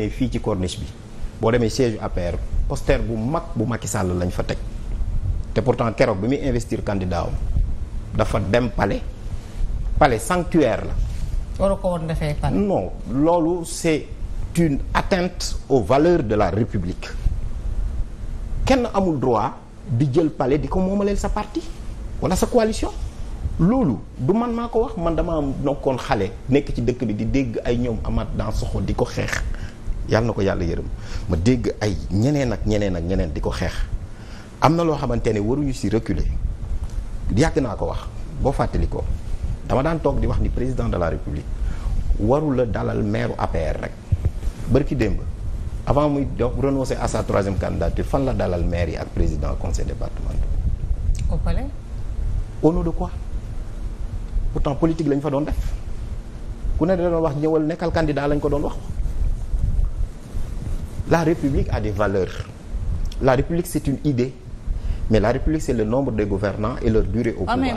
mais fii ci corniche bi boo demee siège APR poster bu mag bu Macky Sall lañ fa teg te pourtant keroog bi muy investir candidat am dafa dem palais palais sanctuaire la. waru ko woon defee loolu c'est une atteinte au valeur de la République kenn amul droit di jël pale di ko moomaleel sa parti wala sa coalition. loolu du man maa ko wax man dama nokkoon xale nekk ci dëkk bi di dégg ay ñoom Amath Dansokho di ko xeex yàlla na ko yàlla yërëm ma dégg ay ñeneen ak ñeneen ak ñeneen di ko xeex am na loo xamante ne waruñu si reculer yàgg naa ko wax boo fàttali ko dama daan toog di wax ni président de la république waru la dalal maire APR rek bërki démb avant muy dox renoncer à sa troisième candidature fan la dalal maire yi ak président conseil départemental. au palais. au nom de quoi pourtant politique lañu fa doon def ku ne da wax ñëwal nekkal candidat lañ ko doon wax. la République a des valeurs la République c'est une idée mais la République c'est le nombre de gouvernants et leur durée au pouvoir